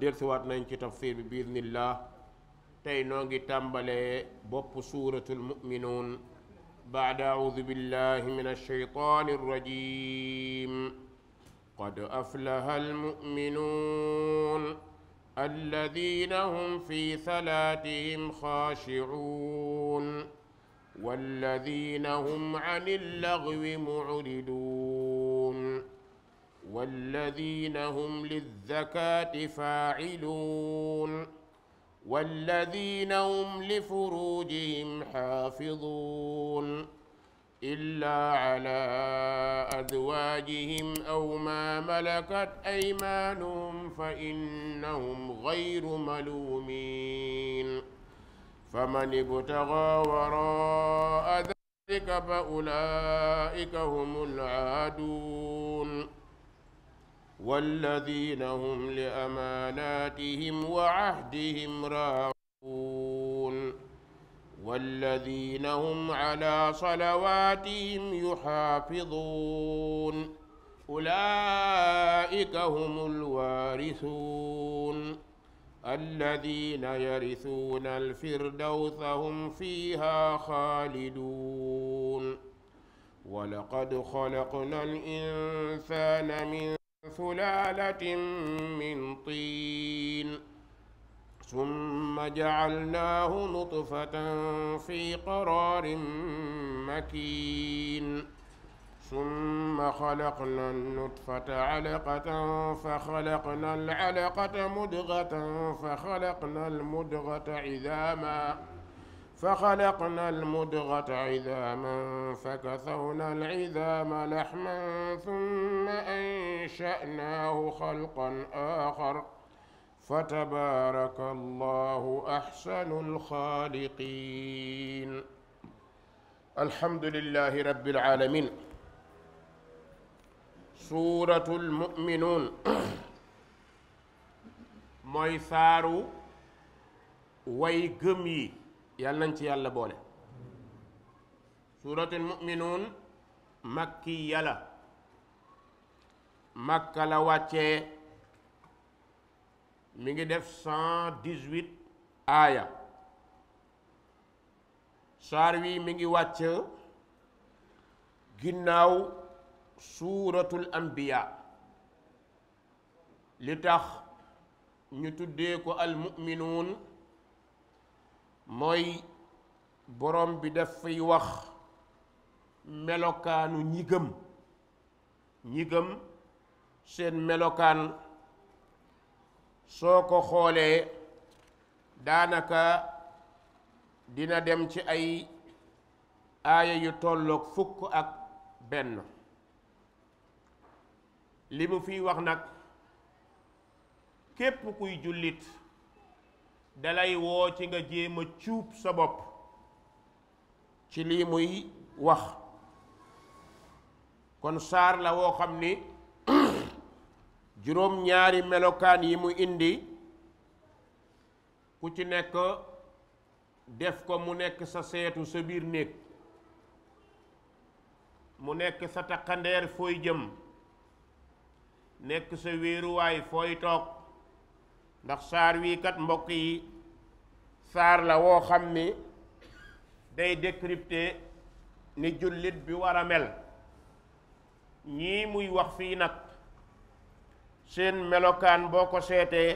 dellusiwaat nañ ci tafsir bi biiznillah tey noo ngi tàmbalee bopp suuratul muminuun baada audu billahi min alsheytaani alrajim qad aflaha almuminuun alladina hum fi salaatihim xaashicuun walladina hum an allagwi mucriduun والذين هم للزكاة فاعلون والذين هم لفروجهم حافظون إلا على أزواجهم أو ما ملكت أيمانهم فإنهم غير ملومين فمن ابتغى وراء ذلك فأولئك هم العادون والذين هم لأماناتهم وعهدهم راعون والذين هم على صلواتهم يحافظون أولئك هم الوارثون الذين يرثون الفردوس هم فيها خالدون ولقد خلقنا الإنسان من سلالة من طين ثم جعلناه نطفة في قرار مكين ثم خلقنا النطفة علقة فخلقنا العلقة مدغة فخلقنا المدغة عظاما فخلقنا المدغة عظاما فكسونا العظام لحما ثم أنشأناه خلقا آخر فتبارك الله أحسن الخالقين الحمد لله رب العالمين سورة المؤمنون mooy saaru way gëm yi yàlla nañ ci yàlla boole suuratul mu'minuun makkiya la makka la wàccee mi ngi def cent dix-huit aaya saar wi mi ngi wàcc ginnaaw suuratul anbiya li tax ñu tuddee ko al mu'minuun mooy borom bi dafay wax melokaanu ñi gëm ñi gëm seen melokaan soo ko xoolee daanaka dina dem ci ay aaya yu tollook fukk ak benn li mu fiy wax nag képp kuy jullit dalay woo ci nga jéema a cuub sa bopp ci lii muy wax kon saar la woo xam ni juróom ñaari melokaan yi mu indi ku ci nekk def ko mu nekk sa seetu sa biir néeg mu nekk sa takkandeer fooy jëm nekk sa wéeruwaay fooy toog ndax saar wii kat mbokk yi saar la woo xam ni day décrypter ni jullit bi wara mel ñii muy wax fii nag seen melokaan boo ko seetee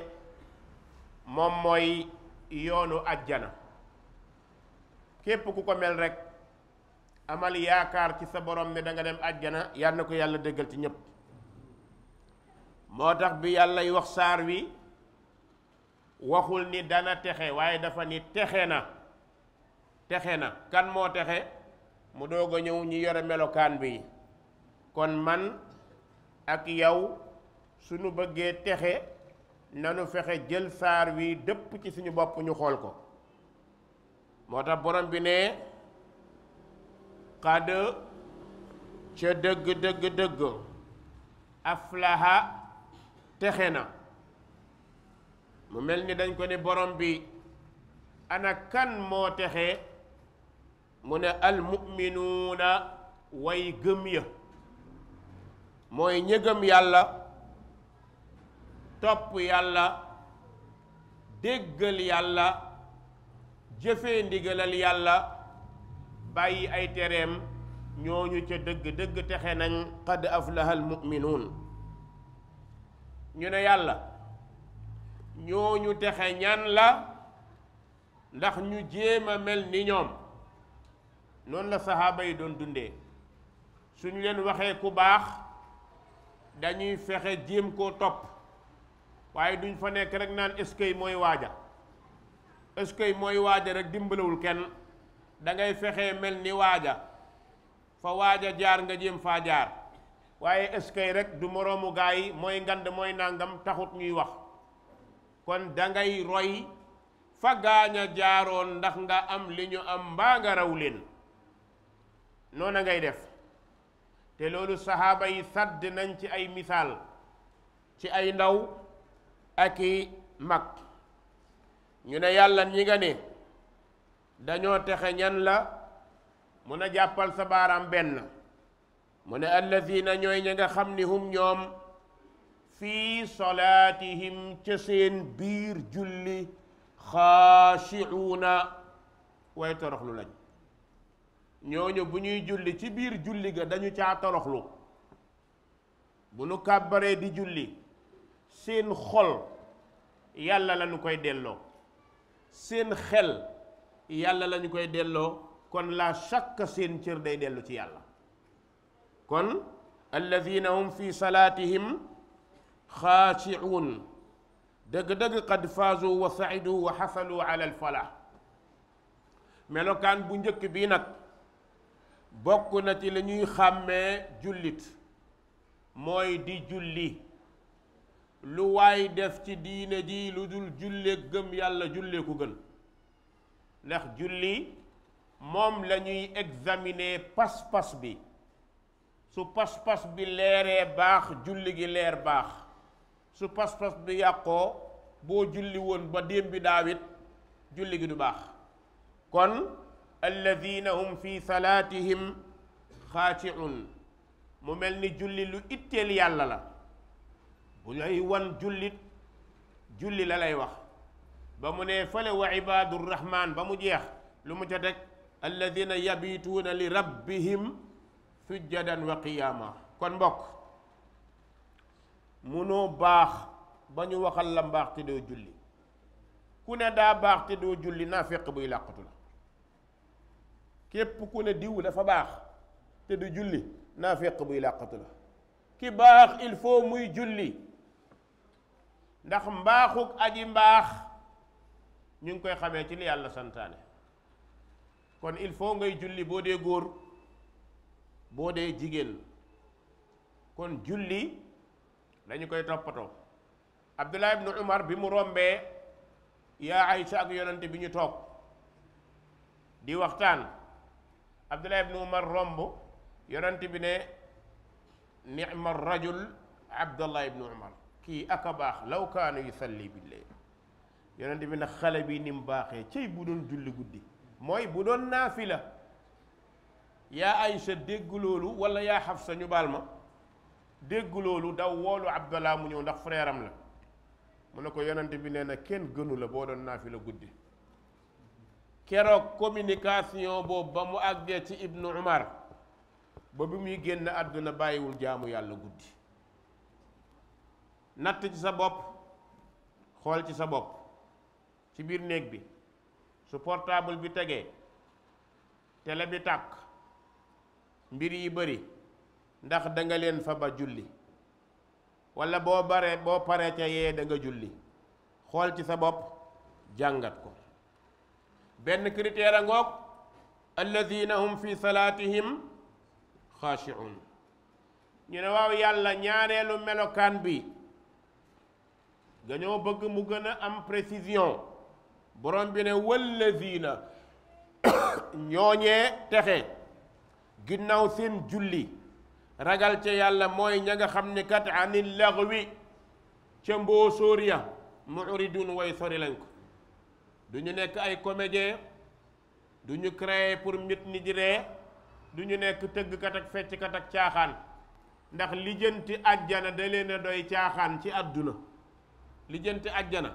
moom mooy yoonu ajjana képp ku ko mel rekk amal yaakaar ci sa borom ne danga dem ajjana yal ko yàlla déggal ci ñépp moo tax bi yàllay wax saar wi waxul ni dana texe waaye dafa ni texe na texe na kan moo texe mu doog a ñëw ñi yore melokaan bi kon man ak yow suñu bëggee texe nanu fexe jël saar wi dëpp ci suñu bopp ñu xool ko moo tax borom bi ne xad ca dëgg dëgg dëgg aflaha texe na mu mel ni dañ ko ni borom bi ana kan moo texe mu ne almuminuuna way gëm ya mooy ñi yàlla topp yàlla déggal yàlla jëfee ndigalal yàlla bàyyi ay tereem ñooñu ca dëgg dëgg texe nañ qad aflaha almuminuun ñu ne yàlla ñooñu texe ñan la ndax ñu jéem a mel ni ñoom noonu la saxaaba yi doon dundee suñu leen waxee ku baax dañuy fexe jéem koo topp waaye duñ fa nekk rek naan est mooy waaja est-ce que mooy waaja rek dimbalawul kenn da ngay fexe mel ni waaja fa waaja jaar nga jéem faa jaar waaye est-ce rek du moroomu gaa yi mooy ngande mooy nangam taxut ñuy wax kon dangay roy fa gaañ jaaroon ndax nga am li ñu am mbaa nga raw leen noona ngay def te loolu saxaaba yi sàdd nañ ci ay misaal ci ay ndaw ak i mag ñu ne yàlla ñi nga ne dañoo texe ñan la mun a jàppal sa baaraam benn mu ne allazina ñooy ñi nga xam ni hum ñoom fii solaatihim ca seen biir julli xaashicuuna waaye toroxlu lañ ñooñu bu ñuy julli ci biir julli ga dañu caa toroxlu bu nu kàbbaree di julli seen xol yàlla lañu koy delloo seen xel yàlla lañu koy delloo kon la shakk seen cër day dellu ci yàlla kon alladina hum fi salaatihim xaashi'uun dëgg-dëgg qad faazu wa saidu wa xasalu ala alfalah melokaan bu njëkk bii nag bokk na ci la ñuy xàmmee jullit mooy di julli lu waay def ci diine ji lu dul julle gëm yàlla jullee gën ndax julli moom lañuy ñuy examiner pas-pas bi su pas-pas bi leeree baax julli gi leer baax su pas-pas bi yàqoo boo julli woon ba démb bi daawit julli gi du baax kon alladina hum fi salaatihim xaashiun mu mel ni julli lu itteel yàlla la bu lay wan jullit julli la lay wax ba mu ne fale wa ibaadu rahmaan ba mu jeex lu mu ca teg alladina yabituuna li rabbihim sujjadan wa qiyaama kon mbokk munoo baax ba ñu waxal la mbaax te doo julli ku ne daa baax te doo julli naa fekk buy làqatu la képp ku ne diw dafa baax te du julli naa fekk buy làqatu la ki baax il faut muy julli ndax mbaaxuk aji mbaax ñu ngi koy xamee ci li yàlla santaane kon il faut ngay julli boo dee góor boo dee jigéen kon julli dañu koy toppatoo abdullah ibnu umar bi mu rombee yaa aysa ak yonante bi ñu toog di waxtaan abdullah ibnu umar romb yonante bi ne nicma rajul abdullah ibnu umar kii ak a baax law kaanu yusalli billayl yonente bi nag xale bi ni mu baaxee cëy bu doon julli guddi mooy bu doon naafila yaa Aysa dégg loolu wala yaa Xafsa ñu baal ma dégg lu daw woolu abdallah mu ñëw ndax frère la mu ne ko yonent bi nee na kenn gënu la boo doon naafila guddi keroog communication boobu ba mu àggee ci ibnu umar ba bi muy génn àdduna bàyyiwul jaamu yàlla guddi natt ci sa bopp xool ci sa bopp ci biir néeg bi su portable bi tegee télé bi tàkk mbir yi bëri ndax danga leen fa ba julli wala boo baree boo paree ca yee da julli xool ci sa bopp jàngat ko benn critère a ngoog alladina hum fi salaatihim xaashi'un ñu ne waaw yàlla ñaareelu melokaan bi dañoo bëgg mu gën a am précision borom bi ne walladina ñooñee texe ginnaaw seen julli ragal ca yàlla mooy ña nga xam ne kat anil laghwi ca mboosóor ya muridun way sori lañ ko du ñu nekk ay comédien du ñu créer pour nit ñi di ree du ñu nekk tëggkat ak fecckat ak caaxaan ndax lijjanti àjjana da leen doy caaxaan ci àdduna lijjanti àjjana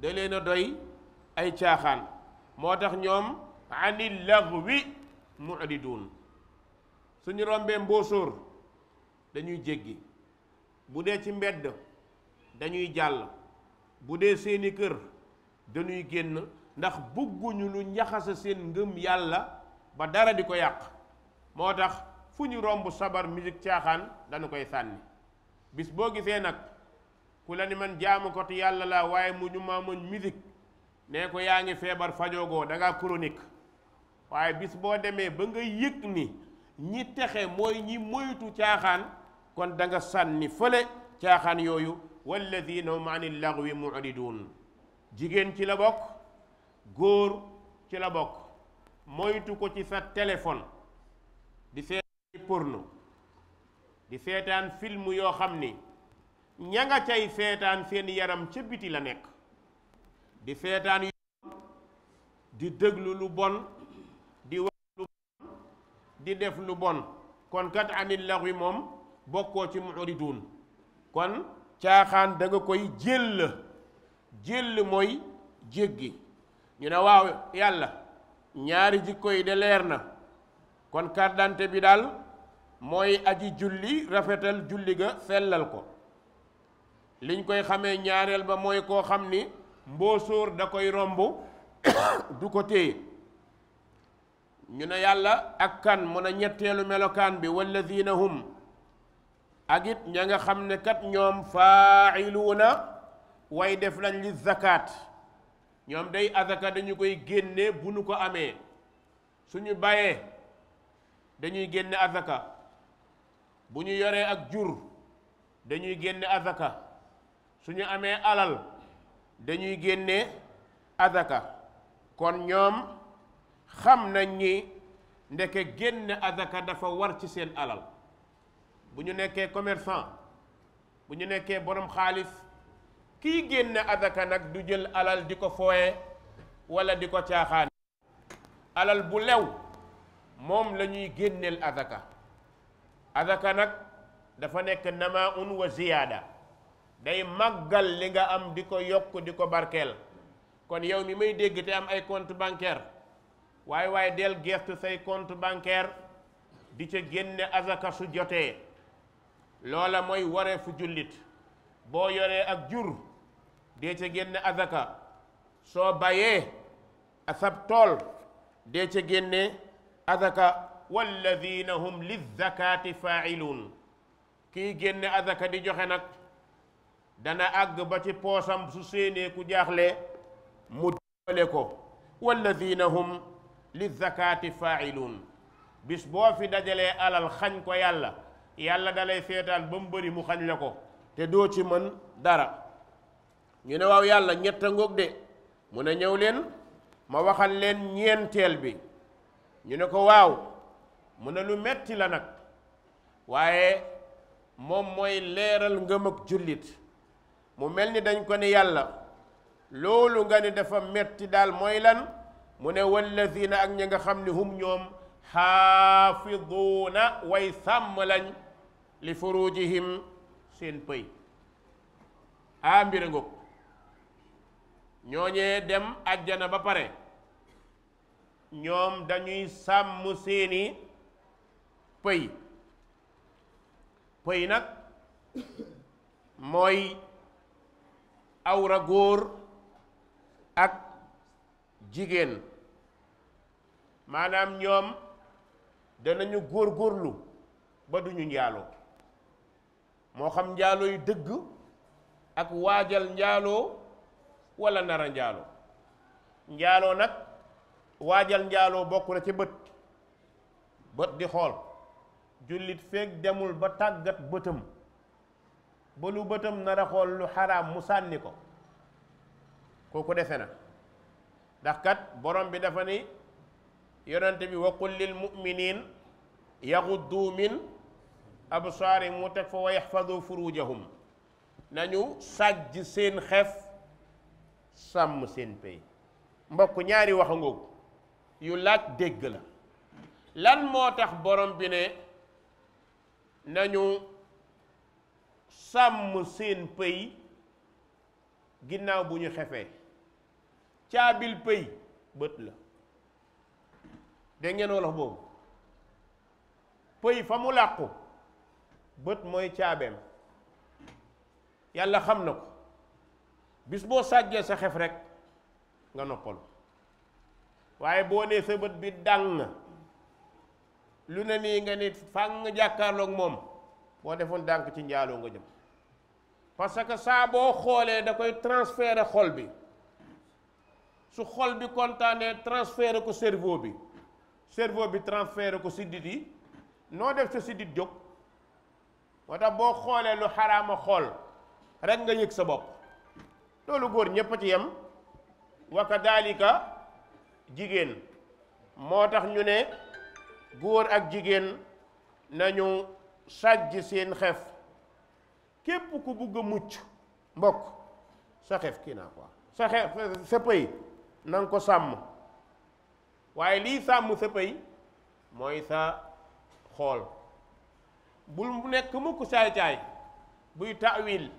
da leen doy ay caaxaan moo tax ñoom anil laghwi muridun suñu rombee mboosóor dañuy jéggi bu dee ci mbedd dañuy jàll bu dee seeni kër dañuy génn ndax bëgguñu lu njaxasa seen ngëm yàlla ba dara di ko yàq moo tax fu ñu romb sabar musique caaxaan dañu koy sànni bis boo gisee nag ku la ni man jaamu ko ti yàlla la waaye mu ñu ma muñ musique nee ko yaa ngi feebar fajoogoo danga ngaa waaye bis boo demee ba nga yëg ni ñi texe mooy ñi moytu caaxaan kon da nga sànni fële caaxaan yooyu walladina hum ani lagwi muridun jigéen ci la bokk góor ci la bokk moytu ko ci sa téléphone di seetaan porno di seetaan film yoo xam ni ña nga cay seetaan seen yaram ca biti la nekk di seetaan yu di déglu lu bon di wax lu bon di def lu bon kon kat anil laxwi moom bokkoo ci muridun kon caaxaan danga nga koy jël jël mooy jéggi ñu ne waaw yàlla ñaari jikko yi de leer na kon carte bi daal mooy aji julli rafetal julli ga sellal ko liñ koy xamee ñaareel ba mooy koo xam ni mboosóor da koy romb du ko téye ñu ne yàlla ak kan mun a ñetteelu melokaan bi walla hum ak it ña nga xam ne kat ñoom na way def lañ li zakat ñoom day azaka dañu koy génne bu ñu ko amee suñu bayee dañuy génne azaka bu ñu yoree ak jur dañuy génne azaka suñu amee alal dañuy génne azaka kon ñoom xam nañ ni ndeke génne azaka dafa war ci seen alal bu ñu nekkee commerçant bu ñu nekkee boroom xaalis kiy génne azaka nag du jël alal di ko fooye wala di ko caaxaan alal bu lew moom la ñuy génneel azaka azaka nag dafa nekk nama un wa ziyaada day màggal li nga am di ko yokk di ko barkeel kon yow mi may dégg te am ay compte bancaire waaye waaye del gestu say compte bancaire di ca génne azaka su jotee loola mooy wareefu jullit boo yoree ak jur dee ca génne azaka soo bayee asab tool dee ca génne azaka walladina hum lizakati faailun kii génne azaka di joxe nag dana àgg ba ci poosam su séenee ku jaaxle mu dimbale ko walladina hum lizakati faailun bis boo fi dajalee alal xañ ko yàlla yàlla dalay seetaan ba mu bari mu xañ la ko te doo ci mën dara ñu ne waaw yàlla ñett a ngoog de mu ne ñëw leen ma waxal leen ñeenteel bi ñu ne ko waaw mu ne lu metti la nag waaye moom mooy leeral ngëm ak jullit mu mel ni dañ ko ne yàlla loolu nga ne dafa metti daal mooy lan mu ne wallazina ak ñi nga xam ne hum ñoom xaafiduuna way sàmm lañ li furujihim seen pëy a mbira ngóog ñooñee dem ajjana ba pare ñoom dañuy sàmm seeni pëy pëy nag mooy awra góor ak jigéen maanaam ñoom danañu góor góorlu ba duñu njaaloo moo xam njaalooy dëgg ak waajal njaaloo wala nara njaaloo njaaloo nag waajal njaaloo bokk na ci bët bët di xool jullit feeg demul ba tàggat bëtëm ba lu bëtam nar a xool lu xaraam mu sànni ko kooku defe na ndax kat borom bi dafa ni yonent bi wa qul lil mu'minin yaxuddu min absaari mu teg fa wa yaxfadu furujahum nañu sàjj seen xef sàmm seen pay mbokk ñaari wax ngoog yu laaj dégg la lan moo tax borom bi ne nañu sàmm seen pay ginnaaw bu ñu xefee caabil pay bët la dégg ngeen wolof boobu pëy fa mu làqu bët mooy caabeem yàlla xam na ko bis boo sàjjee sa xef rek nga noppalu waaye boo nee sa bët bi dàng lu ne nii nga nit fàng jàkkaarloog moom boo defoon dànk ci njaaloo nga jëm parce que saa boo xoolee da koy transféré xol bi su xol bi kontaanee transféré ko cerveau bi cerveau bi transféré ko siddit yi noo def sa siddit jóg moo tax boo xoolee lu xaraama xool rek nga yëg sa bopp loolu góor ñépp a ci yem wa jigéen moo tax ñu ne góor ak jigéen nañu sàjj seen xef képp ku bugg a mucc mbokk sa xef kii naa quoi ko sàmm waaye lii sàmm sa pëy mooy sa xool bul nekk mukk saay-caay buy taawil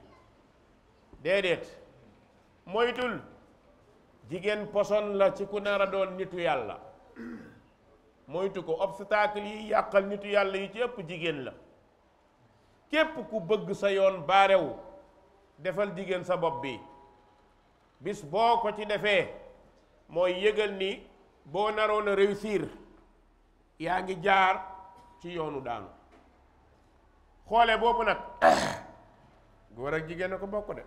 déedéet moytul jigéen poson la ci ku nar doon nitu yàlla moytu ko obstacle yi yàqal nitu yàlla yi ci ëpp jigéen la képp ku bëgg sa yoon baarewu defal jigéen sa bopp bi bis boo ko ci defee mooy yëgal ni boo naroon a réussir yaa ngi jaar ci yoonu daanu xoole boobu nag góor ak jigéen a ko bokk de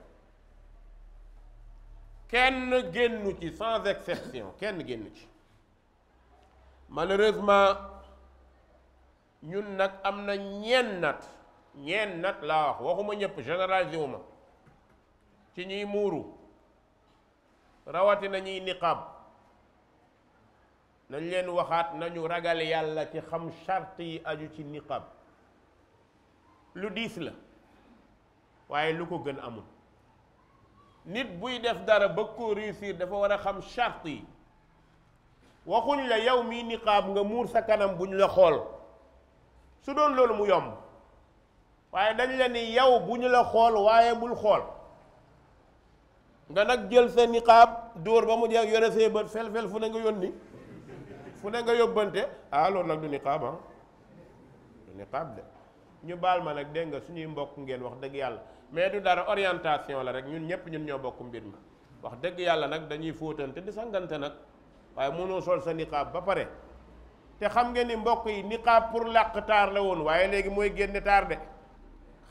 kenn génnu ci sans exception kenn génnu ci malheureusement ñun nag am na ñeen nat ñeen nat laa wax waxuma ñëpp généralisé wu ma ci ñuy muuru rawatina ñuy niqaab nañ leen waxaat nañu ragal yàlla ci xam charte yi aju ci niqaab lu diis la waaye lu ko gën amul nit buy def dara bëgg koo réussir dafa war a xam charte yi waxuñ la yow mii niqaab nga muur sa kanam bu ñu la xool su doon loolu mu yomb waaye dañ la ni yow bu ñu la xool waaye bul xool nga nag jël sa niqaab dóor ba mu jeex yore see bët fel fel fu ne nga yónni fu ne nga yóbbante ah loolu nag du niqaab ah du niqaab de ñu baal ma nag dégg nga suñuy mbokk ngeen wax dëgg yàlla mais du dara orientation la rek ñun ñëpp ñun ñoo bokk mbir ma wax dëgg yàlla nag dañuy fóotante di sangante nag waaye mënoo sol sa niqaab ba pare te xam ngeen ni mbokk yi niqaab pour làq taar la woon waaye léegi mooy génne taar de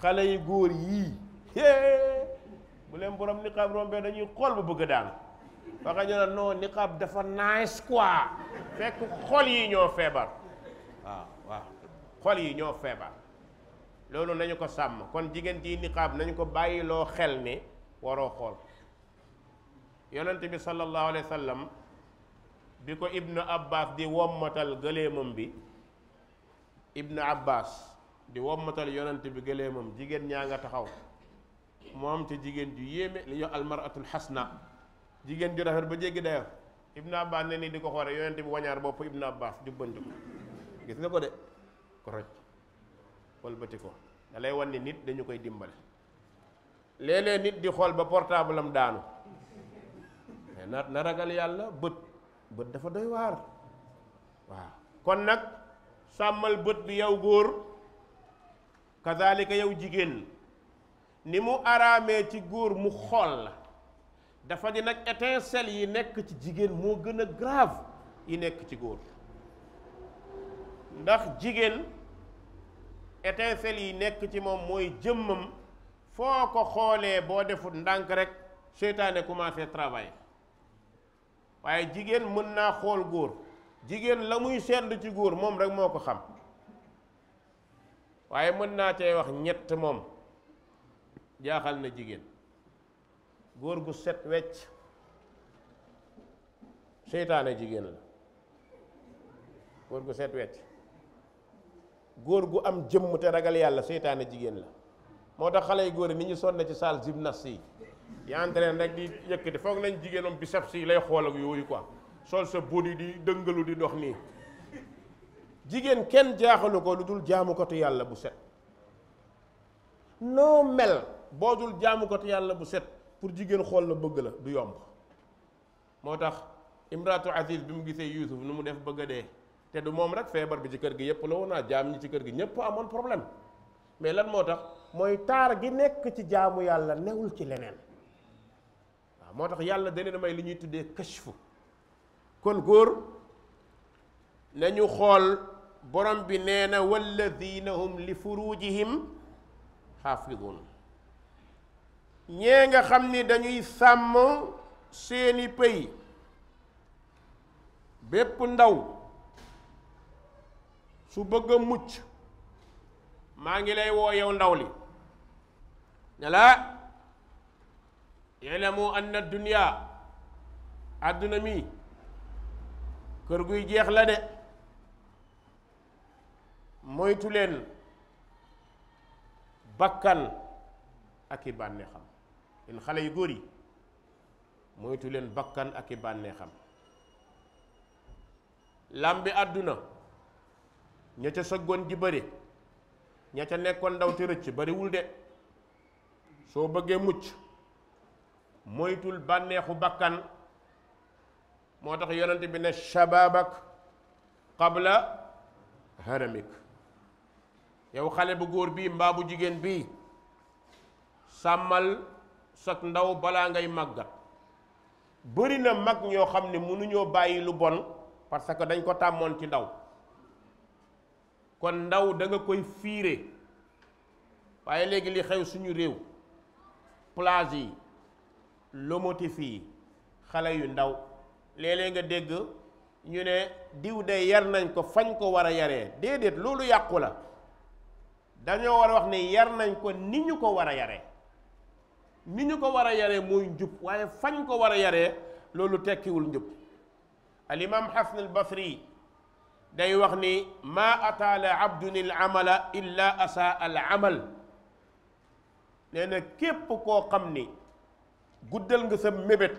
xale yi góor yii bu leen borom niqaab rombee dañuy xool bu bëgg daan waxa ñu ne non niqaab dafa nice quoi fekk xol yi ñoo feebar waaw waaw xol yi ñoo feebar loolu nañu ko sàmm kon jigéen ji niqaab nañu ko bàyyiloo xel ni waroo xool yonant bi sallallahu alayhi wa bi ko ibnu abbas di wommatal gëleemam bi ibnu abbas di wommatal yonent bi gëleemam jigéen ñaa nga taxaw moom ci jigéen ju yéeme li ñuy almaratul xasna jigéen ju rafet ba jéggi dayo ibnu abbas ne nii di ko xoore yonent bi wañaar bopp ibnu abbas jubbanti ko gis nga ko de ko wëlbati ko da wan ni nit dañu koy dimbale léeg-léeg nit di xool ba portable daanu na na ragal yàlla bët bët dafa doy waar waaw kon nag sàmmal bët bi yow góor kazalika yow jigéen ni mu araamee ci góor mu xool la dafa di nag étincelle yi nekk ci jigéen moo gën a grave yi nekk ci góor ndax jigéen étincelle yi nekk ci moom mooy jëmmam foo ko xoolee boo defut ndànk rek seytaane commencé travail waaye jigéen mën naa xool góor jigéen la muy seetlu ci góor moom rek moo ko xam waaye mën naa cee wax ñett moom jaaxal na jigéen góor gu set wecc seytaane jigéen la góor gu set wecc góor gu am jëmm te ragal yàlla seytaane jigéen la moo tax xale yu góor yi ni ñu sonn ci salle gymnastique yi di entraîné rek di yëkkati foog nañ jigéen moom biceps yi lay xool yooyu quoi sol sa body di dëngalu di dox nii jigéen kenn jaaxalu ko lu dul jaamukatu yàlla bu set noo mel boo dul jaamukatu yàlla bu set pour jigéen xool na bëgg la du yomb moo tax imratu aziz bi mu gisee yuusuf nu mu def bëgg a dee te du moom rek feebar bi ci kër gi yëpp la woon naa ah, jaam ñi ci kër gi ñëpp amoon problème mais lan moo tax mooy taar gi nekk ci jaamu yàlla newul ci leneen waaw moo tax yàlla de leen may li ñuy tuddee kashfu kon góor nañu xool borom bi nee na walladina hum li furujihim xaafidun ñee nga xam ni dañuy sàmm seeni pëy bépp ndaw su bëgg a mucc maa ngi lay woo yow ndaw li ne la yalamu anna dunya àdduna mi kër guy jeex la de moytu leen bakkan ak i bànneexam leen xale yu góor yi moytu leen bakkan ak i bànneexam lam bi àdduna ña sa sëggoon ji bëri ña ca nekkoon ndaw te rëcc bëriwul de soo bëggee mucc moytul bànneexu bakkan moo tax yonent bi ne shababak qabla haramik yow xale bu góor bii mbaa bu jigéen bii sàmmal sag ndaw balaa ngay màggat bëri na mag ñoo xam ne mënuñoo bàyyi lu bon parce que dañ ko tàmmoon ci ndaw kon ndaw danga koy fiire waaye léegi li xew suñu réew plage yi lomotif yi xale yu ndaw léeg nga dégg ñu ne diw de yar nañ ko fañ ko war a yaree déedéet loolu yàqu la dañoo war a wax ne yar nañ ko ni ñu ko war a yare ni ñu ko war a yare mooy njub waaye fañ ko war a yaree loolu tekkiwul njub al imam bafri day wax ni maa ataala abdun il amala illa asa al amal nee képp koo xam ni guddal nga sa mébét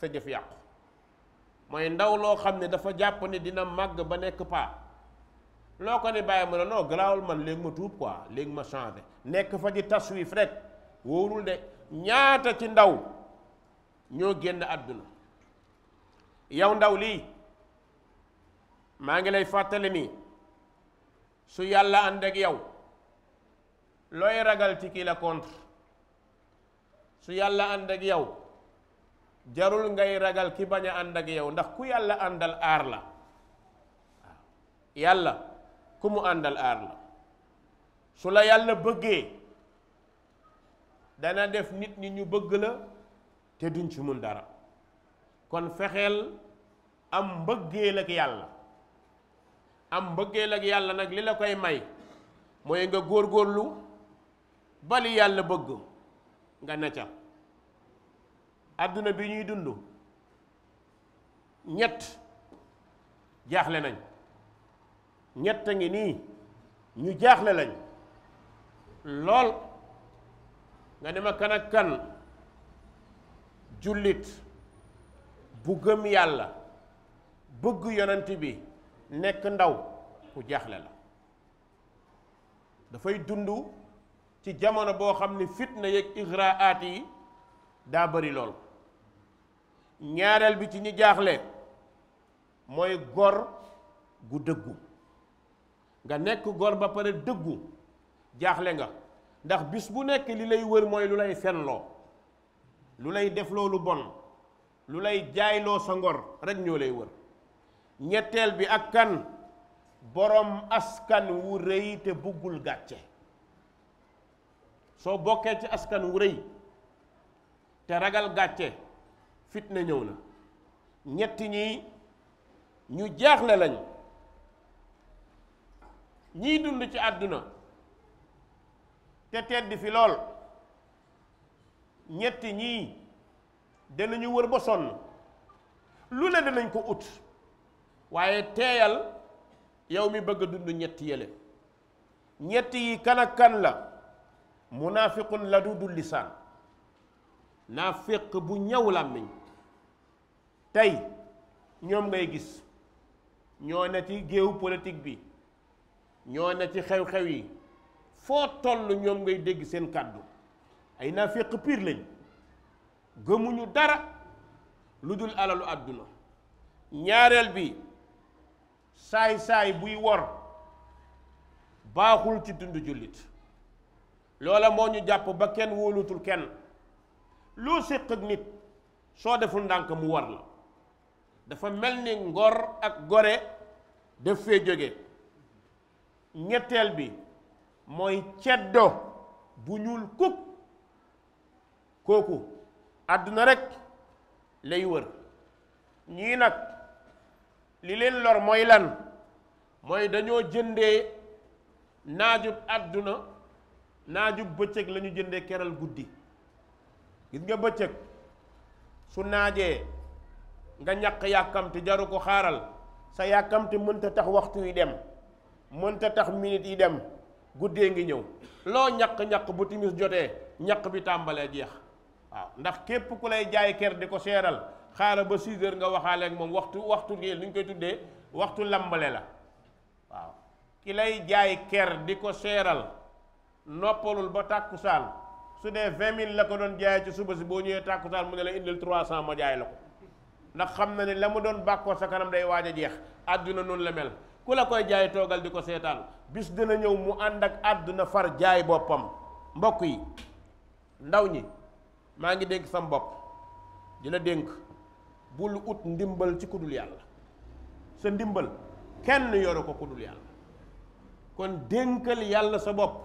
sa jëf yàqu mooy ndaw loo xam ne dafa jàpp ni dina màgg ba nekk paa loo ko ne bàyyi ma ne non garaawul man léegi ma tuub quoi léegi ma changé nekk fa di taswif rek wóorul de ñaata ci ndaw ñoo génn àdduna yow ndaw lii maa ngi lay fàttali nii su yàlla ànd ak yow looy ragal ci kii la contre su yàlla ànd ak yow jarul ngay ragal ki bañ a ànd ak yow ndax ku yàlla àndal aar la yàlla ku mu àndal aar la su la yàlla bëggee dana def nit ñi ñu bëgg la te duñ ci mun dara kon fexeel am mbëggee la ak yàlla am mbëggeel ak yàlla nag li la koy may mooy nga góorgóorlu bali yàlla bëgg nga ne ca adduna bi ñuy dund ñett jaaxle nañ ñett ngi nii ñu jaaxle lañ lool nga ne ma kan jullit bu gëm yàlla bëgg yonent bi nekk ndaw ku jaaxle la dafay dund ci jamono boo xam ni fitna yeeg ixraat yi daa bari lool ñaareel bi ci ñi jaaxle mooy gor gu dëggu nga nekk gor ba pare dëggu jaaxle nga ndax bis bu nekk li lay wër mooy lu lay loo lu lay def loolu bon lu lay jaayloo sa ngor rek ñoo lay wër ñetteel bi ak kan boroom askan wu rëy te buggul gàcce soo bokkee ci askan wu rëy te ragal gàcce fitna ñëw na ñetti ñii ñu jaaxle lañ ñii dund ci àdduna te tedd fi lool ñetti ñii danañu wër ba sonn lu ne danañ ko ut waaye teeyal yow mi bëgg a dund ñetti yële ñetti yi kan ak kan la munaafiqun la du dul lisaan naafiq bu ñaw làmmiñ tey ñoom ngay gis ñoo ne ci géew politique bi ñoo ne ci xew-xew yi foo toll ñoom ngay dégg seen kàddu ay naafiq piir lañ gëmuñu dara lu dul alalu àdduna ñaareel bi saay-saay buy wor baaxul ci dund jullit loola moo ñu jàpp ba kenn wóolutul kenn loo séq ak nit soo deful ndànk mu war la dafa mel ni ngor ak gore def fee jóge ñetteel bi mooy ceddo bu ñuul kukk kooku àdduna rekk lay wër ñii nag li leen lor mooy lan mooy dañoo jëndee naajub àdduna naajub bëccëg lañu ñu jëndee keral guddi gis nga bëccëg su naajee nga ñàkk yàkkamti jaru ko xaaral sa yàkkamti mënta tax waxtu yi dem mënta tax minute yi dem guddee ngi ñëw loo ñàkk-ñàkk bu timis jotee ñàkk bi tàmbalee jeex waaw ndax képp ku lay jaay ker di ko seeral xaaral ba 6 nga waxaale ak moom waxtu waxtu gi lu ñu koy tuddee waxtu lambale la waaw ki lay jaay ker di ko seeral noppalul ba tàkkusaan su dee vingt mille la ko doon jaayee ci suba si boo ñëwee tàkkusaan mu ne la indil 300 ma jaay la ko ndax xam na ne la mu doon bàkkoo sa kanam day waaj jeex àdduna noonu la mel ku la koy jaay toogal di ko seetaan bis dina ñëw mu ànd ak àdduna far jaay boppam mbokk yi ndaw ñi maa ngi dégg sam bopp di dénk bul ut ndimbal ci kudul yàlla sa ndimbal kenn yoru ko kudul yàlla kon dénkal yàlla sa bopp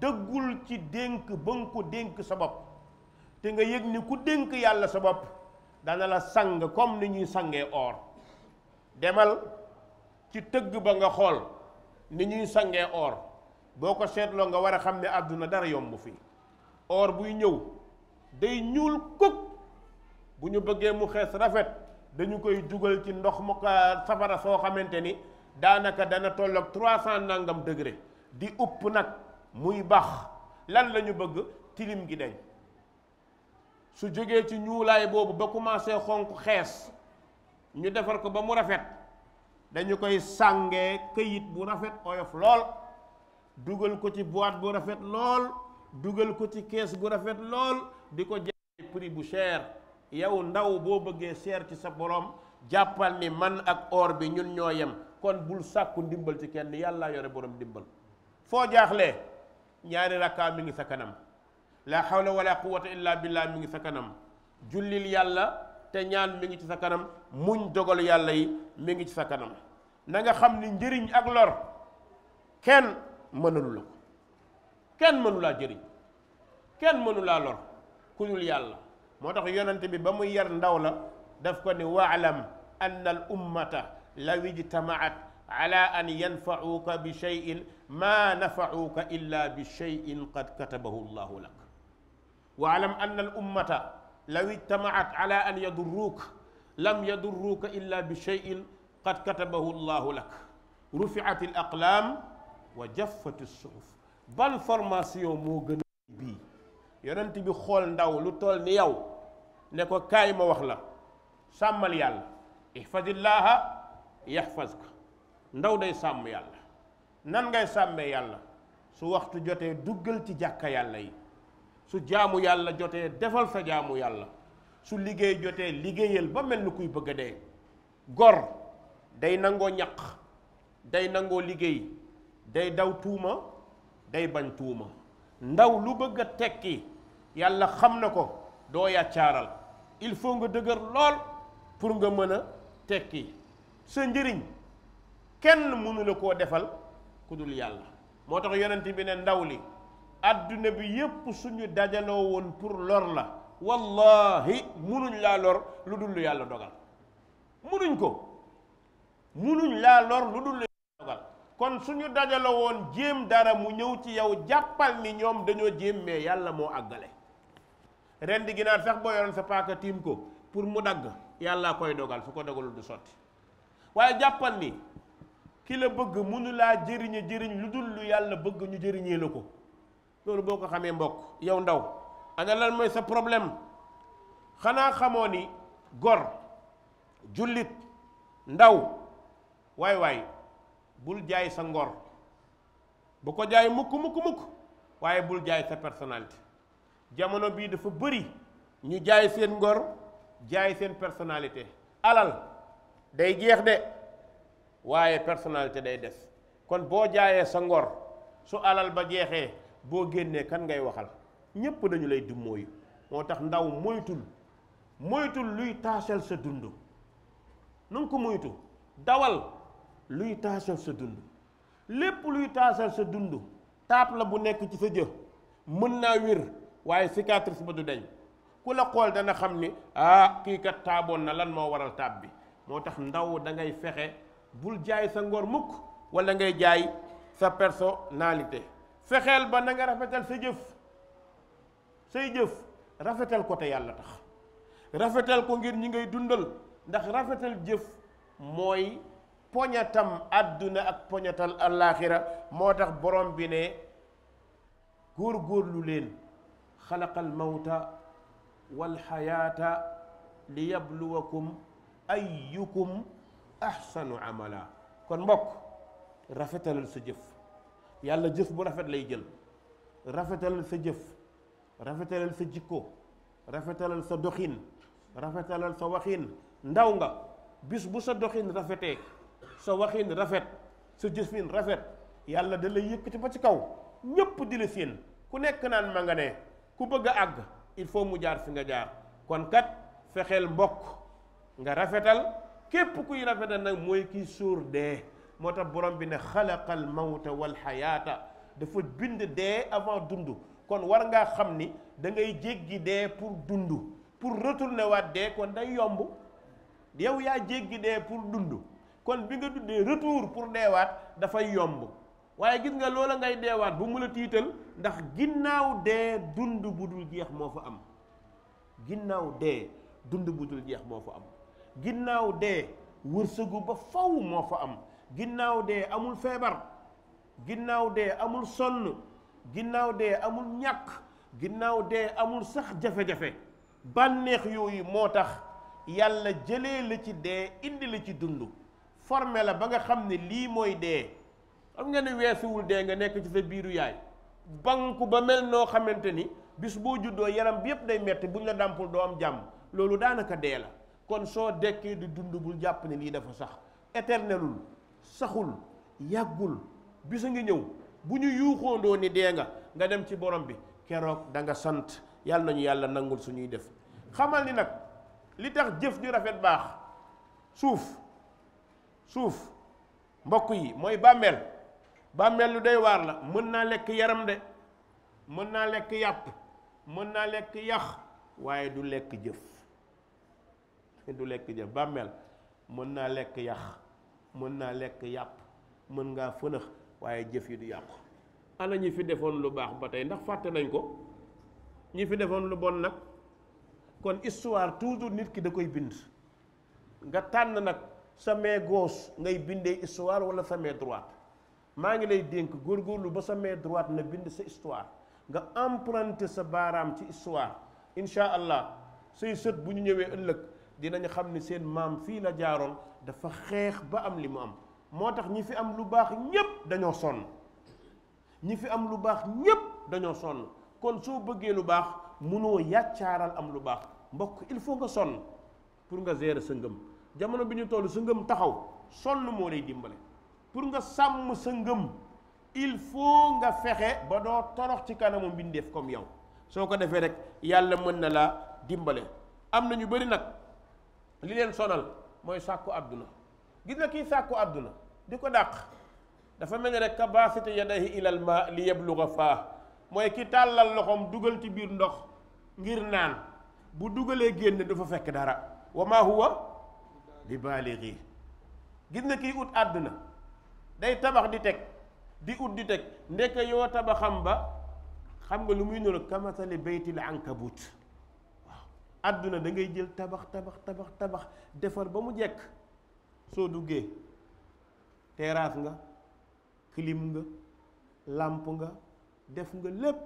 dëggul ci dénk ba nga ko dénk sa bopp te nga yëg ni ku dénk yàlla sa bopp dana la sang comme ni ñuy sange or demal ci tëgg ba nga xool ni ñuy sangee or boo ko seetloo nga war a xam ne àdduna dara yomb fii or buy ñëw day ñuul kukk bu ñu bëggee mu xees rafet dañu koy dugal ci ndox mu safara soo xamante ni daanaka dana tolloog trois cent nangam degré di upp nag muy baax lan lañu bëgg tilim gi dañ su jógee ci ñuulaay boobu ba commencé xonq xees ñu defar ko ba mu rafet dañu koy sàngee këyit bu rafet oyof lool dugal ko ci boîte bu rafet lool dugal ko ci kees bu rafet lool di ko jaay prix bu cher yow ndaw boo bëggee seer ci sa borom jàppal ni man ak or bi ñun ñoo yem kon bul sàkku ndimbal ci kenn yàlla yore borom ndimbal foo jaaxlee ñaari rakkaa mu ngi sa kanam laa xaw wala quwwata illa billah mi ngi sa kanam jullil yàlla te ñaan mi ngi ci sa kanam muñ dogal yàlla yi mi ngi ci sa kanam na nga xam ni njëriñ ak lor kenn mënalu ko kenn mënulaa jëriñ kenn mënulaa lor ku dul yàlla moo tax yonante bi ba muy yar ndaw la daf ko ni waalam anna al ummata law ijtamaat ala an yanfauka bi cheyin ma nafauka illa bi cheyin qad katabahu llahu lak waalam anna al ummata law ijtamaat ala an yadurruuka lam yadurruuka illa bi cheyin qad katabahu llahu lak rufiat al aqlaam wa jaffat as-suhuf ban formation moo gën a bii yonent bi xool ndaw lu toll ni yow ne ko kaay ma wax la sàmmal yàlla ihfazillaaha yahfazka ndaw day sàmm yàlla nan ngay sàmmee yàlla su waxtu jotee duggal ci jàkka yàlla yi su jaamu yàlla jotee defal sa jaamu yàlla su liggéey jotee liggéeyal ba mel ni kuy bëgg a dee gor day nangoo ñaq day nangoo liggéey day daw tuuma day bañ tuuma ndaw lu bëgg a tekki yàlla xam na ko doo yàccaaral il faut nga dëgër lool pour nga mën a tekki sa njëriñ kenn mënu koo defal ku dul yàlla moo tax yonent bi ne ndaw li adduna bi yépp suñu dajaloo woon pour lor la wallahi munuñ laa lor lu dul yàlla dogal munuñ ko munuñ laa lor lu dul yàlla dogal kon suñu dajaloo woon jéem dara mu ñëw ci yow jàppal ni ñoom dañoo jéem mais yàlla moo àggale ren di ginaar sax boo yoroon sa paaka tiim ko pour mu dagg yàlla koy dogal fu ko dogalul du sotti waaye jàppal ni ki la bëgg mënu laa jëriñe jëriñ lu dul lu yàlla bëgg ñu jëriñee la ko loolu boo ko xamee mbokk yow ndaw ana lan mooy sa problème xanaa xamoo ni gor jullit ndaw waay waay bul jaay sa ngor bu ko jaay mukk mukk mukk waaye bul jaay sa personnalité jamono bii dafa bëri ñu jaay seen ngor jaay seen personnalité alal day jeex de waaye personnalité day des kon boo jaayee sa ngor su alal ba jeexee boo génnee kan ngay waxal ñépp dañu lay dummóoyu moo tax ndaw moytul moytul luy taasal sa dund nanga ko moytu dawal luy taasal sa dund lépp luy taasal sa dund taab la bu nekk ci sa jë mën naa wér waaye cicatrice ba du deñ ku la xool dana xam ni ah kii kat taaboon na lan moo waral taab bi moo tax ndaw dangay fexe bul jaay sa ngor mukk wala ngay jaay sa personnalité fexeel ba na nga rafetal sa jëf say jëf rafetal ko te yàlla tax rafetal ko ngir ñi ngay dundal ndax rafetal jëf mooy poñatam àdduna ak poñetal allaaxira moo tax borom bi ne góor góorlu leen xalaqa almawta walxayaata liyabluwakum ayyukum ahsanu amala kon mbokk rafetalal sa jëf yàlla jëf bu rafet lay jël rafetalal sa jëf rafetalal sa jikko rafetalal sa doxin rafetalal sa waxin ndaw nga bis bu sa doxin rafetee sa waxin rafet sa jëfin rafet yàlla da lay yëkkati ba ci kaw ñépp di la ku nekk naan ma nga ne ku bëgg a àgg il faut mu jaar fi nga jaar kon kat fexeel mbokk nga rafetal képp kuy rafetal nag mooy kiy suur dee moo tax borom bi ne xalaqal mawta wal xayaata dafa bind dee avant dund kon war ngaa xam ni da ngay jéggi dee pour dund pour retourner waat dee kon day yomb yow yaa jéggi dee pour dund kon bi nga dundee retour pour deewaat dafay yomb waaye gis nga loola ngay deewaat bu mu la tiital ndax ginnaaw dee dund bu dul jeex moo fa am ginnaaw dee dund bu dul jeex moo fa am ginnaaw dee wërsëgu ba faw moo fa am ginnaaw dee amul feebar ginnaaw dee amul sonn ginnaaw dee amul ñàkk ginnaaw dee amul sax jafe-jafe bànneex yooyu moo tax yàlla jële la ci dee indi la ci dund formé la ba nga xam ne lii mooy dee xam nga ne weesuwul dee nga nekk ci sa biiru yaay banku ba mel noo xamante ni bis boo juddoo yaram bi yëpp day metti bu buñ la dàmpul doom jàmm loolu daanaka dee la kon soo dekkee di dund bul jàpp ne lii dafa sax éternelul saxul yàggul bisa ngi ñëw bu ñu yuuxoondoo ni dee nga nga dem ci borom bi keroog da nga sant yàlla nañu yàlla nangul suñuy def xamal ni nag li tax jëf ju rafet baax suuf suuf mbokk yi mooy bàmmeel bàmmeel lu day waar la mën naa lekk yaram de mën naa lekk yàpp mën naa lekk yax waaye du lekk jëf du lekk bàmmeel mën naa lekk yax mën naa lekk yàpp mën ngaa fënax waaye jëf yi du yàqu ana ñi fi defoon lu baax ba tey ndax fàtte nañ ko ñi fi defoon lu bon nag kon histoire toujours nit ki da koy bind nga tànn nag sa main ngay bindee histoire walla sa main maa ngi lay dénk góor góorlu ba sa main droite na bind sa histoire nga emprunté sa baaraam ci histoire incha allah say sët bu ñu ñëwee ëllëg dinañ xam ni seen maam fii la jaaroon dafa xeex ba am li mu am moo tax ñi fi am lu baax ñépp dañoo sonn ñi fi am lu baax ñépp dañoo sonn kon soo bëggee lu baax mënoo yàccaaral am lu baax mbokk il faut nga sonn pour nga gérer sa ngëm jamono bi ñu toll sa ngëm taxaw sonn moo lay dimbale pour nga sàmm sa ngëm il faut nga fexe ba doo torox ci kanamu mbindeef comme yow soo ko defee rek yàlla mën na laa dimbale am na ñu bari nag li leen sonal mooy sàkku àdduna gis nga kii sàkku àdduna di ko dàq dafa mel ni rek ka day yadayhi ilal ma li yabluga faa mooy ki tàllal loxoom dugal ci biir ndox ngir naan bu dugalee génn du fa fekk dara wa ma huwa bi baaligi gis nga kii ut àdduna day tabax di teg di ut di teg ndeke yoo tabaxam ba xam nga lu muy noonu kamasali baytil ankabut waaw àdduna da ngay jël tabax tabax tabax tabax defar ba mu jekk soo duggee terrasse nga clim nga làmp nga def nga lépp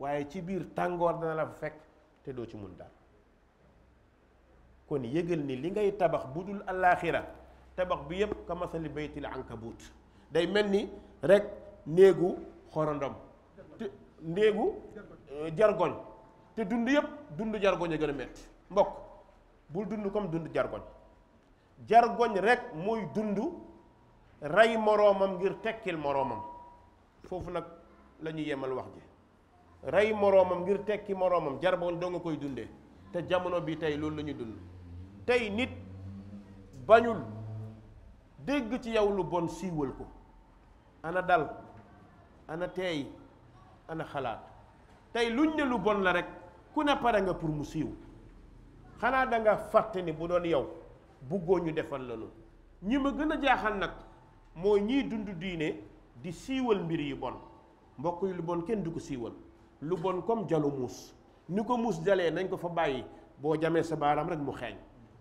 waaye ci biir tàngoor dana la fekk te doo ci mun daal kon yëgal ni li ngay tabax bu dul alaaxira tabax bi yépp kamasali baytil ankabut day mel ni rekk néegu xorondom te néegu euh, jargoñ te dund yëpp dund jargoñ a gën a metti mbokk bul dund comme dund jargoñ jargoñ rekk muy dund rey moroomam ngir tekkil moroomam foofu nag la ñuy wax ji rey moroomam ngir tekki moroomam jargoñ doo nga koy dundee te jamono bi tey loolu lañuy dund tey nit bañul dégg ci yow lu bon siiwal ko ana dal ana teey ana xalaat tey luñ ne lu bon la rek ku ne pare nga pour mu siiw xanaa danga fàtte ni bu doon yow buggoo ñu defal la ñi ma gën a jaaxal nag mooy ñiy dund diine di siiwal mbir yi bon mbokk yi lu bon kenn du ko siiwal lu bon comme jalu muus ni ko muus jalee nañ ko fa bàyyi boo jamee sa baaram rek mu xeeñ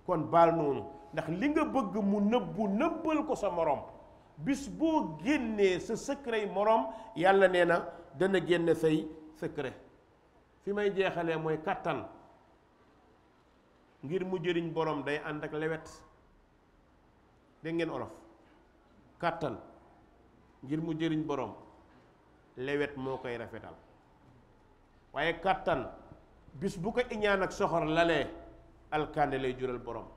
kon baal noonu ndax li nga bëgg mu nëbbu nëbbal ko sa moroom bis boo génnee sa secret moroom yàlla nee na dana génne say secret fi may jeexalee mooy kàttan ngir mu jëriñ borom day ànd lewet dégg olof kàttan ngir mu jëriñ borom lewet moo koy rafetal waaye kàttan bis bu ko iñaan ak soxor lale alkaande lay jural boroom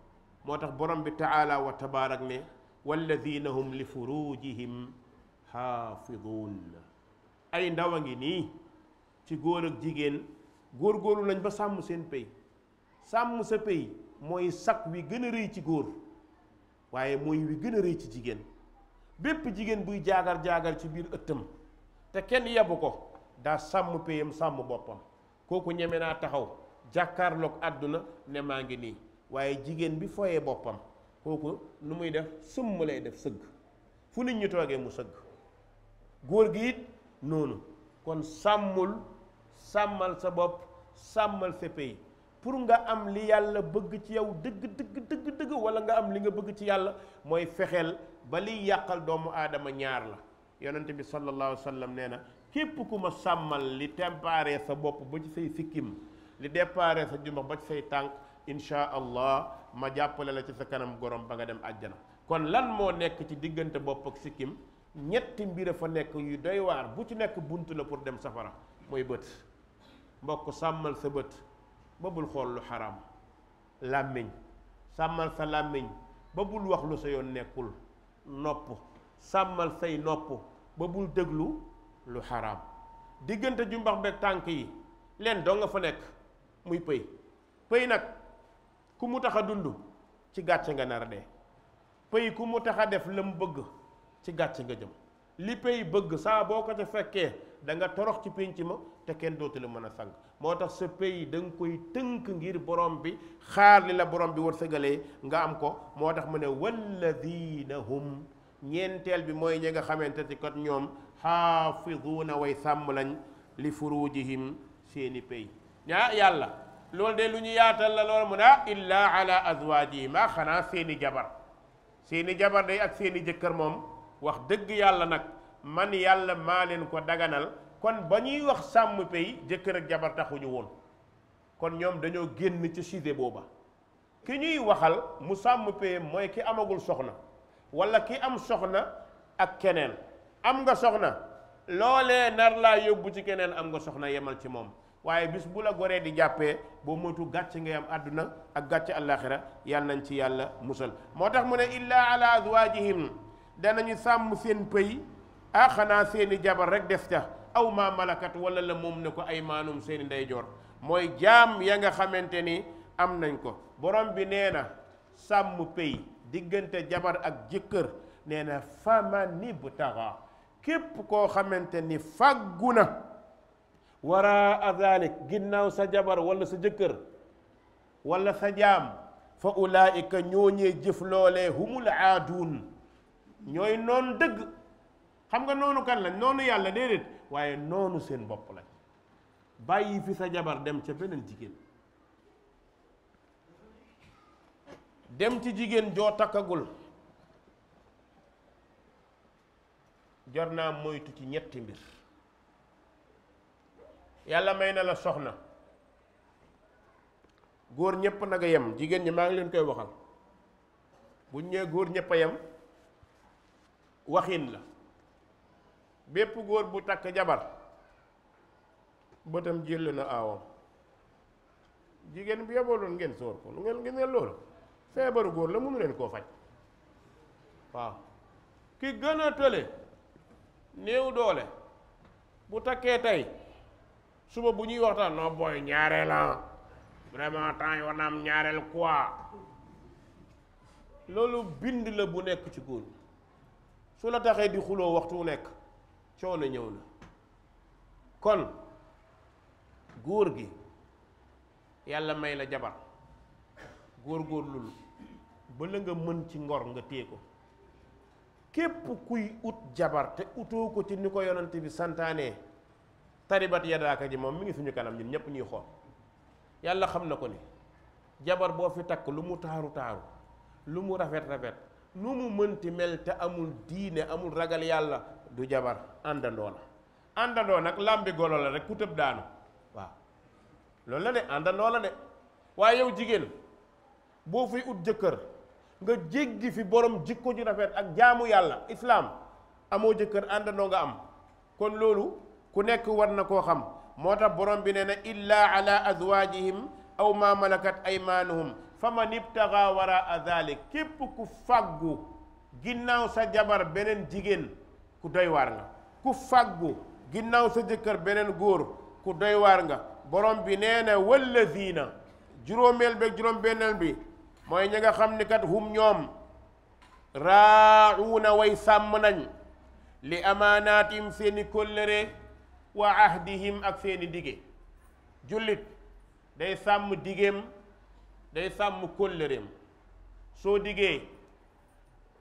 moo tax boroom bi taala wa tabaarak ne walla walladina hum li furujihim xaafiduun ay ndaw a ngi nii ci góor ak jigéen góor-góorlu lañ ba sàmm seen pay sàmm sa pay mooy sag wi gën a rëy ci góor waaye mooy wi gën a rëy ci jigéen bépp jigéen buy jaagar-jaagar ci biir ëttam te kenn yabu ko daa sàmm payam sàmm boppam kooku ñeme naa taxaw jàkkaarloog àdduna ne maa ngi nii waaye jigéen bi foyee boppam kooku nu muy def sëmm lay def sëgg fu nit ñi toogee mu sëgg góor gi it noonu kon sàmmul sàmmal sa bopp sàmmal sa pays pour nga am li yàlla bëgg ci yow dëgg dëgg dëgg dëgg wala nga am li nga bëgg ci yàlla mooy fexeel ba liy yàqal doomu aadama ñaar la yonent bi sallallahu alayhi wa nee na képp ku ma sàmmal li temparee sa bopp ba ci say sikkim li déparee sa jumbax ba ci say tànk incha allah ma jàppale la ci sa kanam gorom ba nga dem àjjana kon lan moo nekk ci diggante bopp ak sikkim ñetti mbir a fa nekk yu doy waar bu ci nekk bunt la pour dem safara mooy bët mbokk sàmmal sa bët ba bul xool lu xaraam làmmiñ sàmmal sa làmmiñ ba bul wax lu sa yoon nekkul nopp sàmmal say nopp ba bul déglu lu xaraam diggante jumbax beeg tànk yi leen doo nga fa nekk muy pëy pëy nag ku mu tax a dund ci gàcce nga nar a dee pays ku mu tax a def la mu bëgg ci gàcce nga jëm li pays bëgg saa boo ko ca fekkee danga torox ci pénc ma te kenn dootu la mën a sang moo tax sa pays da nga koy tënk ngir borom bi xaar li la borom bi wërsëgalee nga am ko moo tax ma ne walladina hum ñeenteel bi mooy ñi nga xamante ci kat ñoom xaafiduuna way sàmm lañ li furujihim seeni pays yàlla loolu de lu ñu yaatal la loolu mu ne illa ala azwaajihima xanaa seeni jabar seeni jabar day ak seeni jëkkër moom wax dëgg yàlla nag man yàlla maa leen ko daganal kon ba ñuy wax sàmm pay jëkkër ak jabar taxuñu woon kon ñoom dañoo génn ci sujet booba ki ñuy waxal mu sàmm pay mooy ki amagul soxna walla ki am soxna ak keneen am nga soxna loolee nar laa yóbbu ci keneen am nga soxna yemal ci moom waaye bis bu la goree di jàppee boo moytu gàcc ngay am àdduna ak gàcc àllaaxira yàlla nañ ci yàlla musal moo tax mu ne illaa ala azwaajihim danañu sàmm seen pëy ah xanaa seeni jabar rek def ca aw maa malakat wala la moom ne ko ay maanum seeni ndeyjoor mooy jaam ya nga xamante ni am nañ ko borom bi nee na sàmm pëy diggante jabar ak jëkkër nee na ni bu taxa képp koo xamante ni fàggu na wara a ginnaaw sa jabar wala sa jëkkër wala sa jaam fa ulaika ñooñee jëf loolee humul aaduun ñooy noon dëgg xam nga noonu gan lañ noonu yàlla déedéet waaye noonu seen bopp lañ bàyyi fi sa jabar dem ca beneen jigéen dem ci jigéen joo takkagul jot naa moytu ci ñetti mbir yàlla may na la soxna góor ñëpp nag a yem jigéen ñi maa ngi leen koy waxal bu ñu ñëwee góor ñëpp yem waxin la bépp góor bu takk jabar bëtam jël na aawam jigéen bi yeboloon ngeen sóor ko lu ngeen gis ngeen loolu feebaru góor la mënu leen koo faj waaw ki gën tële néew doole bu takkee tey suba bu ñuy waxtaan non booy ñaareel la ah. vraiment temps yi war na ñaareel quoi loolu bind la bu nekk ci góor su la taxee di xuloo waxtu wu nekk coono ñëw na kon góor gi yàlla may la jabar góor góor lul ba la nga mën ci ngor nga téye ko képp kuy ut jabar te utoo ko ci ni ko yonante bi santaanee taribat yadaaka ji moom mi ngi suñu kanam ñun ñëpp ñuy xool yàlla xam na ko ni jabar boo fi takk lu mu taaru taaru lu mu rafet rafet nu mu mënti mel te amul diine amul ragal yàlla du jabar àndandoo la àndandoo nag làmbi golo la rek ku tëb daanu waaw loolu la de àndandoo la de waaye yow jigéen boo fiy ut jëkkër nga jéggi fi borom jikko ju rafet ak jaamu yàlla islaam amoo jëkkër àndandoo nga am kon loolu ku nekk war na koo xam moo tax borom bi nee na illaa ala azwaajihim aw ma malakat aymaanuhum fa man ibtaga waraa dalik képp ku fàggu ginnaaw sa jabar beneen jigéen ku doy waar nga ku fàggu ginnaaw sa jëkkër beneen góor ku doy waar nga borom bi nee na wallazina juróomeel beeg juróom benneel bi mooy ñi nga xam ni kat hum ñoom raauuna way sàmm nañ li amaanaatim seeni kóllëre wa ahdihim ak seeni dige jullit day sàmm digeem day sàmm kóllëreem soo digee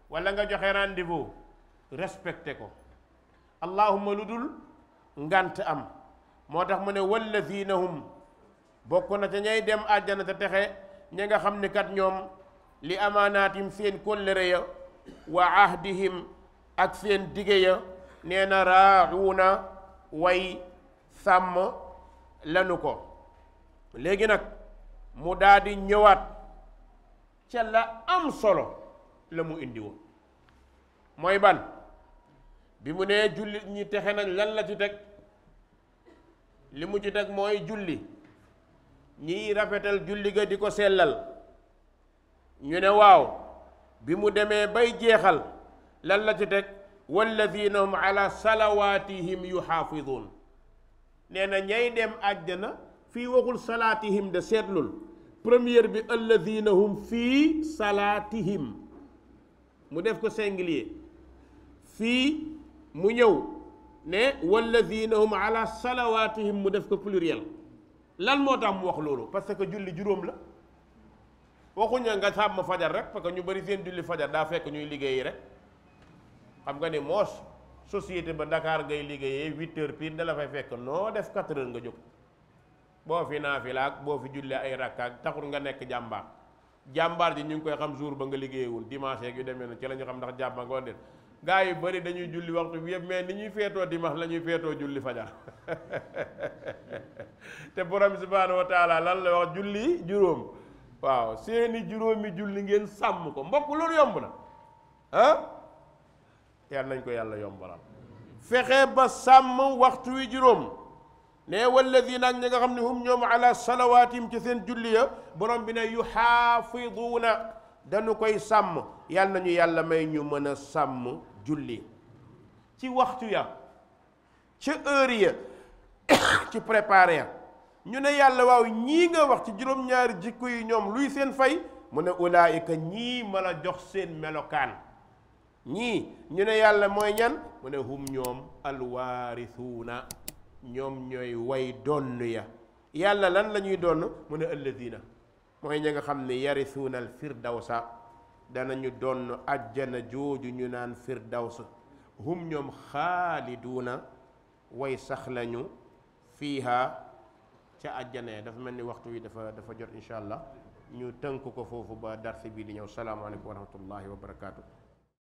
walla nga joxe rendez-vous respecté ko allahuma lu dul ngant am moo tax mu ne wallazina hum bokk na ca ñay dem àjjana ca texe ña nga xam ne kat ñoom li amaanaatim seen kóllëre ya wa ahdihim ak seen dige ya nee na raaxuuna way sàmm lanu ko léegi nag mu daldi ñëwaat ca la am solo la mu indi woon mooy ban bi mu nee julli ñi texe nag lan la ci teg li mu ci teg mooy julli ñiy rafetal julli ga di ko sellal ñu ne waaw bi mu demee bay jeexal lan la ci teg walladina hum ala salawatihim yuxaafiduun nee na ñay dem àjjana fii waxul salaatihim de seetlul première bi alladina hum fii salaatihim mu def ko singulier fii mu ñëw ne walladina hum ala salawatihim mu def ko pluriel lan moo tax mu wax loolu parce que julli juróom la waxuña nga sàmm fajar rek parce que ñu bari seen julli fajar daa fekk ñuy liggéeyi rek xam nga ne moos société ba Dakar ngay liggéeyee huit heures pile da fay fekk noo def quatre nga jóg boo fi naafilaak boo fi jullee ay rakkaak taxul nga nekk jàmbar jàmbaar ji ñu ngi koy xam jour ba nga liggéeyewul dimanche ak yu demee na ci la ñu xam ndax jàmbaar nga déet gaa yu bëri dañuy julli waxtu bi yëpp mais ni ñuy feetoo dimanche la ñuy feetoo julli fajar te borom subhaanahu wa taala lan la wax julli juróom waaw seeni juróomi julli ngeen sàmm ko mbokk loolu yomb na yàlla nañ ko yàlla yombalal fexe ba sàmm waxtu wi juróom ne walladina ak ñi nga xam ne hum ñoom ala salawaatim ci seen julli ya borom bi ne yu xaafiduuna dañu koy sàmm yàlla nañu yàlla may ñu mën a sàmm julli ci waxtu ya ci heure ya ci préparé ya ñu ne yàlla waaw ñii nga wax ci juróom-ñaari jikko yi ñoom luy seen fay mu ne ulaayika ñii ma la jox seen melokaan ñii ñu ne yàlla mooy ñan mu ne hum ñoom alwaarisuuna ñoom ñooy way donn ya yàlla lan la ñuy donn mu ne alladina mooy ña nga xam ne yarisuuna al firdawsa danañu donn ajjana jooju ñu naan firdaws hum ñoom xaaliduuna way sax lañu fiiha ca ajjana ya dafa mel ni waxtu wi dafa dafa jot incha ñu tënk ko foofu ba darsi bii di ñëw salaamaaleykum wa rahmatullahi wa barakaatu.